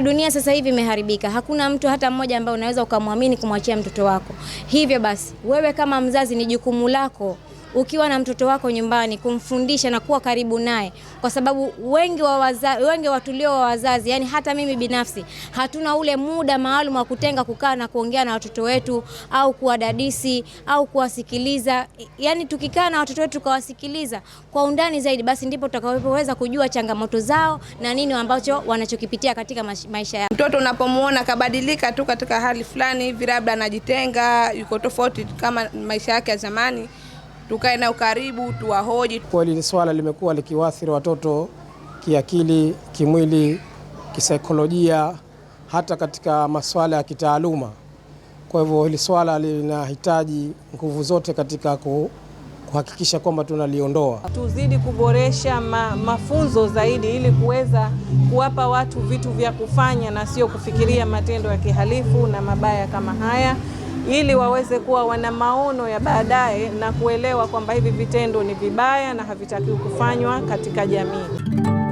Dunia sasa hivi imeharibika, hakuna mtu hata mmoja ambaye unaweza ukamwamini kumwachia mtoto wako. Hivyo basi, wewe kama mzazi, ni jukumu lako ukiwa na mtoto wako nyumbani kumfundisha na kuwa karibu naye, kwa sababu wengi wa wazazi, wengi watulio wa wazazi, yani hata mimi binafsi, hatuna ule muda maalum wa kutenga kukaa na kuongea na watoto wetu au kuwadadisi au kuwasikiliza. Yani tukikaa na watoto wetu tukawasikiliza kwa undani zaidi, basi ndipo tutakapoweza kujua changamoto zao na nini ambacho wanachokipitia katika maisha yao. Mtoto unapomuona kabadilika tu katika hali fulani hivi, labda anajitenga, yuko tofauti kama maisha yake ya zamani tukae nao karibu, tuwahoji. Kweli swala limekuwa likiwaathiri watoto kiakili, kimwili, kisaikolojia, hata katika masuala ya kitaaluma. Kwa hivyo hili swala linahitaji nguvu zote katika ku kuhakikisha kwamba tunaliondoa. Tuzidi kuboresha ma, mafunzo zaidi ili kuweza kuwapa watu vitu vya kufanya na sio kufikiria matendo ya kihalifu na mabaya kama haya ili waweze kuwa wana maono ya baadaye na kuelewa kwamba hivi vitendo ni vibaya na havitakiwi kufanywa katika jamii.